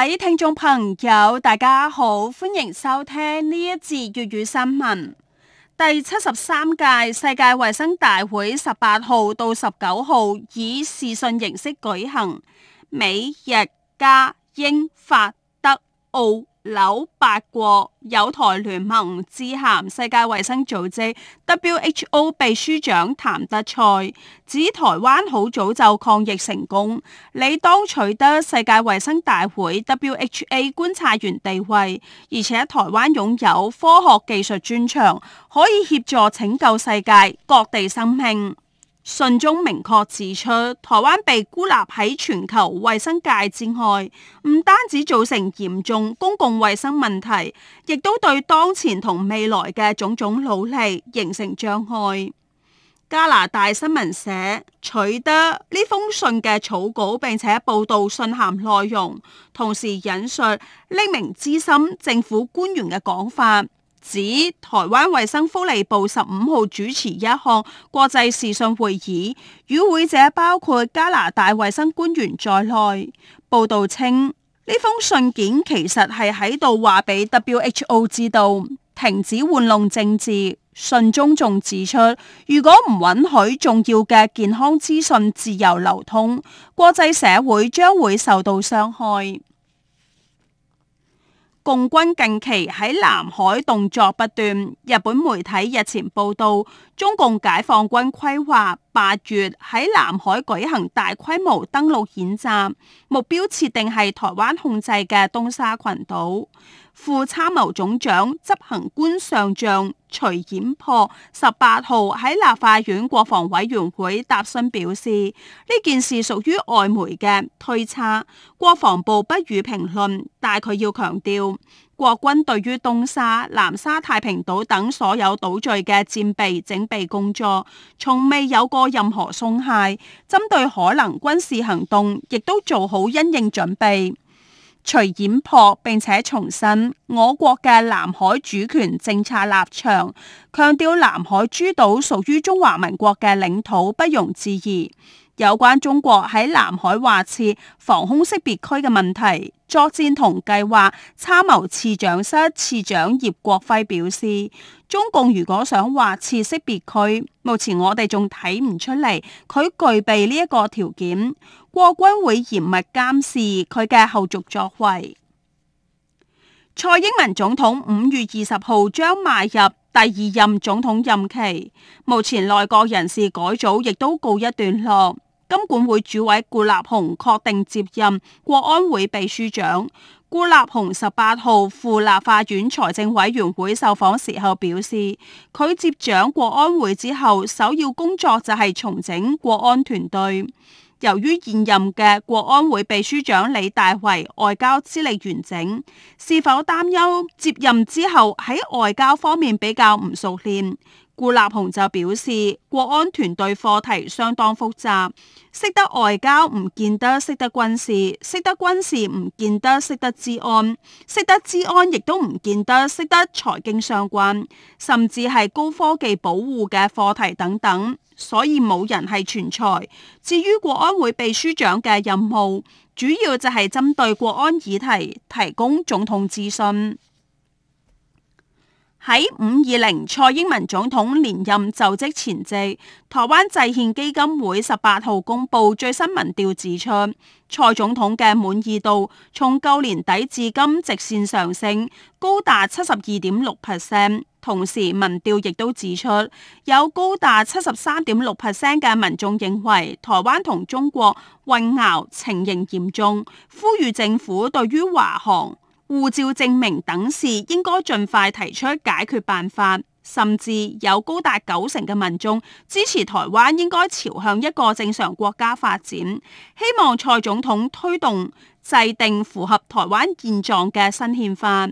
各位聽眾朋友，大家好，歡迎收聽呢一節粵語新聞。第七十三屆世界衛生大會十八號到十九號以視訊形式舉行，美、日、加、英、法、德、澳、紐八國友台聯盟致函，世界衛生組織 （WHO） 秘書長譚德塞指台灣好早就抗疫成功，你當取得世界衛生大會 （WHA） 觀察員地位，而且台灣擁有科學技術專長，可以協助拯救世界各地生命。信中明確指出，台灣被孤立喺全球衛生界之外，唔單止造成嚴重公共衛生問題，亦都對當前同未來嘅種種努力形成障礙。加拿大新聞社取得呢封信嘅草稿，並且報道信函內容，同時引述匿名資深政府官員嘅講法。指台灣衛生福利部十五號主持一項國際視訊會議，與會者包括加拿大衛生官員在內。報道稱，呢封信件其實係喺度話俾 WHO 知道，停止玩弄政治。信中仲指出，如果唔允許重要嘅健康資訊自由流通，國際社會將會受到傷害。共軍近期喺南海動作不斷，日本媒體日前報導，中共解放軍規劃八月喺南海舉行大規模登陸演習，目標設定係台灣控制嘅東沙群島。副參謀總長執行官上將。徐衍璞十八號喺立法院國防委員會答詢表示，呢件事屬於外媒嘅推測，國防部不予評論，但佢要強調，國軍對於東沙、南沙、太平島等所有島嶼嘅戰備整備工作，從未有過任何鬆懈，針對可能軍事行動，亦都做好因應準備。除掩破並且重申，我國嘅南海主權政策立場，強調南海諸島屬於中華民國嘅領土，不容置疑。有關中國喺南海劃設防空識別區嘅問題，作戰同計劃參謀次長室次長葉國輝表示，中共如果想劃設識別區，目前我哋仲睇唔出嚟，佢具備呢一個條件。國軍會嚴密監視佢嘅後續作為。蔡英文總統五月二十號將邁入第二任總統任期，目前內閣人事改組亦都告一段落。金管會主委顧立雄確定接任國安會秘書長。顧立雄十八號赴立法院財政委員會受訪時候表示，佢接掌國安會之後，首要工作就係重整國安團隊。由於現任嘅國安會秘書長李大維外交資歷完整，是否擔憂接任之後喺外交方面比較唔熟練？顧立雄就表示，國安團隊課題相當複雜，識得外交唔見得識得軍事，識得軍事唔見得識得治安，識得治安亦都唔見得識得財經相關，甚至係高科技保護嘅課題等等，所以冇人係全才。至於國安會秘書長嘅任務，主要就係針對國安議題提供總統諮詢。喺五二零蔡英文總統連任就職前夕，台灣制憲基金會十八號公布最新民調指出，蔡總統嘅滿意度從舊年底至今直線上升，高達七十二點六 percent。同時，民調亦都指出，有高達七十三點六 percent 嘅民眾認為台灣同中國混淆情形嚴重，呼籲政府對於華航、護照證明等事應該盡快提出解決辦法，甚至有高達九成嘅民眾支持台灣應該朝向一個正常國家發展，希望蔡總統推動制定符合台灣現狀嘅新憲法。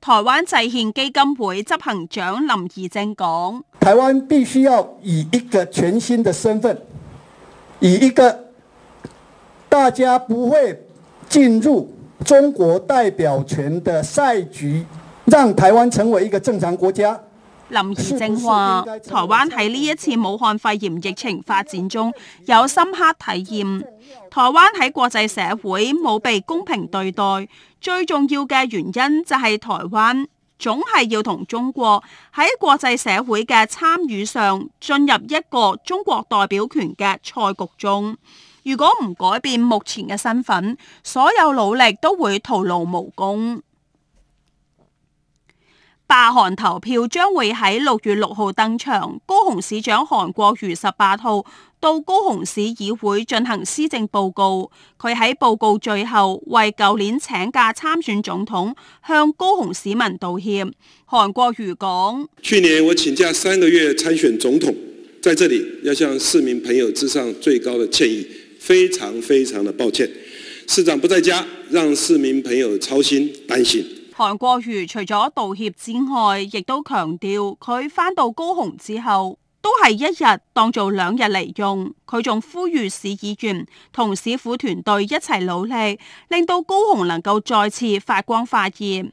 台灣制憲基金會執行長林宜正講：台灣必須要以一個全新嘅身份，以一個大家不會進入。中國代表權嘅賽局，讓台灣成為一個正常國家。林健正話：台灣喺呢一次武漢肺炎疫情發展中，有深刻體驗。台灣喺國際社會冇被公平對待，最重要嘅原因就係台灣總係要同中國喺國際社會嘅參與上，進入一個中國代表權嘅賽局中。如果唔改變目前嘅身份，所有努力都會徒勞無功。罷韓投票將會喺六月六號登場。高雄市長韓國瑜十八號到高雄市議會進行施政報告，佢喺報告最後為舊年請假參選總統向高雄市民道歉。韓國瑜講：去年我請假三個月參選總統，在這裏要向市民朋友致上最高的歉意。非常非常的抱歉，市長不在家，讓市民朋友操心擔心。韓國瑜除咗道歉之外，亦都強調佢返到高雄之後都係一日當做兩日嚟用。佢仲呼籲市議員同市府團隊一齊努力，令到高雄能夠再次發光發熱。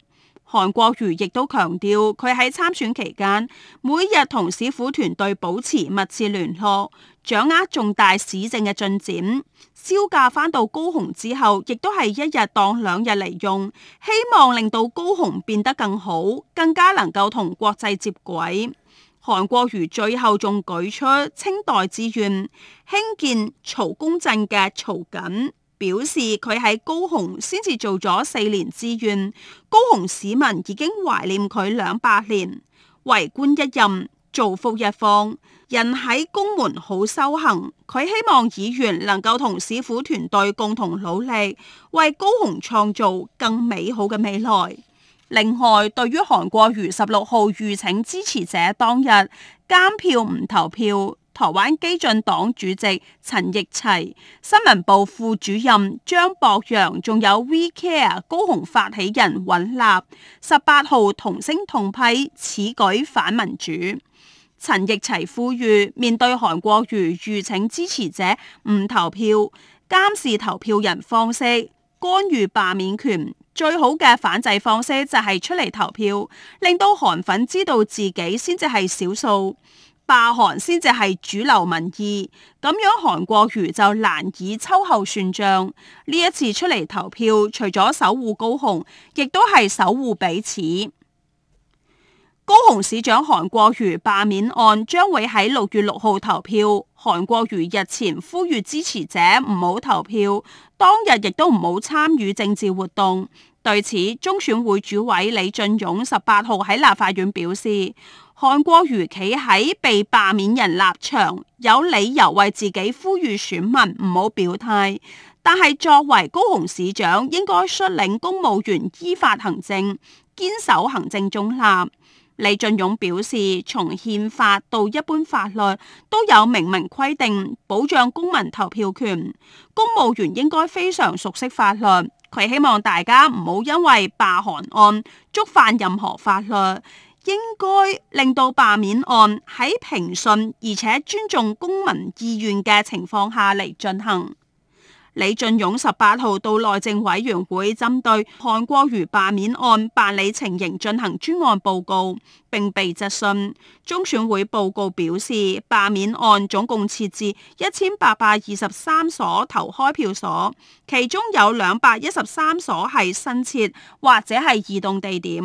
韓國瑜亦都強調，佢喺參選期間每日同市府團隊保持密切聯絡，掌握重大市政嘅進展。銷假返到高雄之後，亦都係一日當兩日嚟用，希望令到高雄變得更好，更加能夠同國際接軌。韓國瑜最後仲舉出清代志願興建曹公圳嘅曹謹。表示佢喺高雄先至做咗四年志願，高雄市民已經懷念佢兩百年。為官一任，造福一方，人喺公門好修行。佢希望議員能夠同市府團隊共同努力，為高雄創造更美好嘅未來。另外，對於韓國瑜十六號籲請支持者當日監票唔投票。台灣基進黨主席陳奕齊、新聞部副主任張博洋，仲有 WeCare 高雄發起人尹立，十八號同聲同批此舉反民主。陳奕齊呼籲面對韓國瑜，籲請支持者唔投票，監視投票人方式，干預罷免權。最好嘅反制方式就係出嚟投票，令到韓粉知道自己先至係少數。罷韓先至係主流民意，咁樣韓國瑜就難以秋後算賬。呢一次出嚟投票，除咗守護高雄，亦都係守護彼此。高雄市長韓國瑜罷免案將會喺六月六號投票。韓國瑜日前呼籲支持者唔好投票，當日亦都唔好參與政治活動。對此，中選會主委李進勇十八號喺立法院表示。韓國瑜企喺被罷免人立場，有理由為自己呼籲選民唔好表態。但係作為高雄市長，應該率領公務員依法行政，堅守行政中立。李進勇表示，從憲法到一般法律都有明文規定保障公民投票權，公務員應該非常熟悉法律。佢希望大家唔好因為罷韓案觸犯任何法律。應該令到罷免案喺平順而且尊重公民意願嘅情況下嚟進行。李進勇十八號到內政委員會針對韓國瑜罷免案辦理情形進行專案報告，並被質詢。中選會報告表示，罷免案總共設置一千八百二十三所投開票所，其中有兩百一十三所係新設或者係移動地點，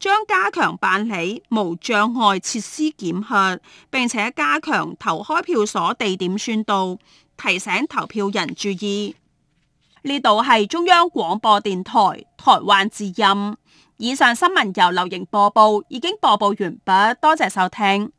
將加強辦理無障礙設施檢核，並且加強投開票所地點宣導。提醒投票人注意，呢度係中央廣播電台台灣之音。以上新聞由流瑩播報，已經播報完畢，多謝收聽。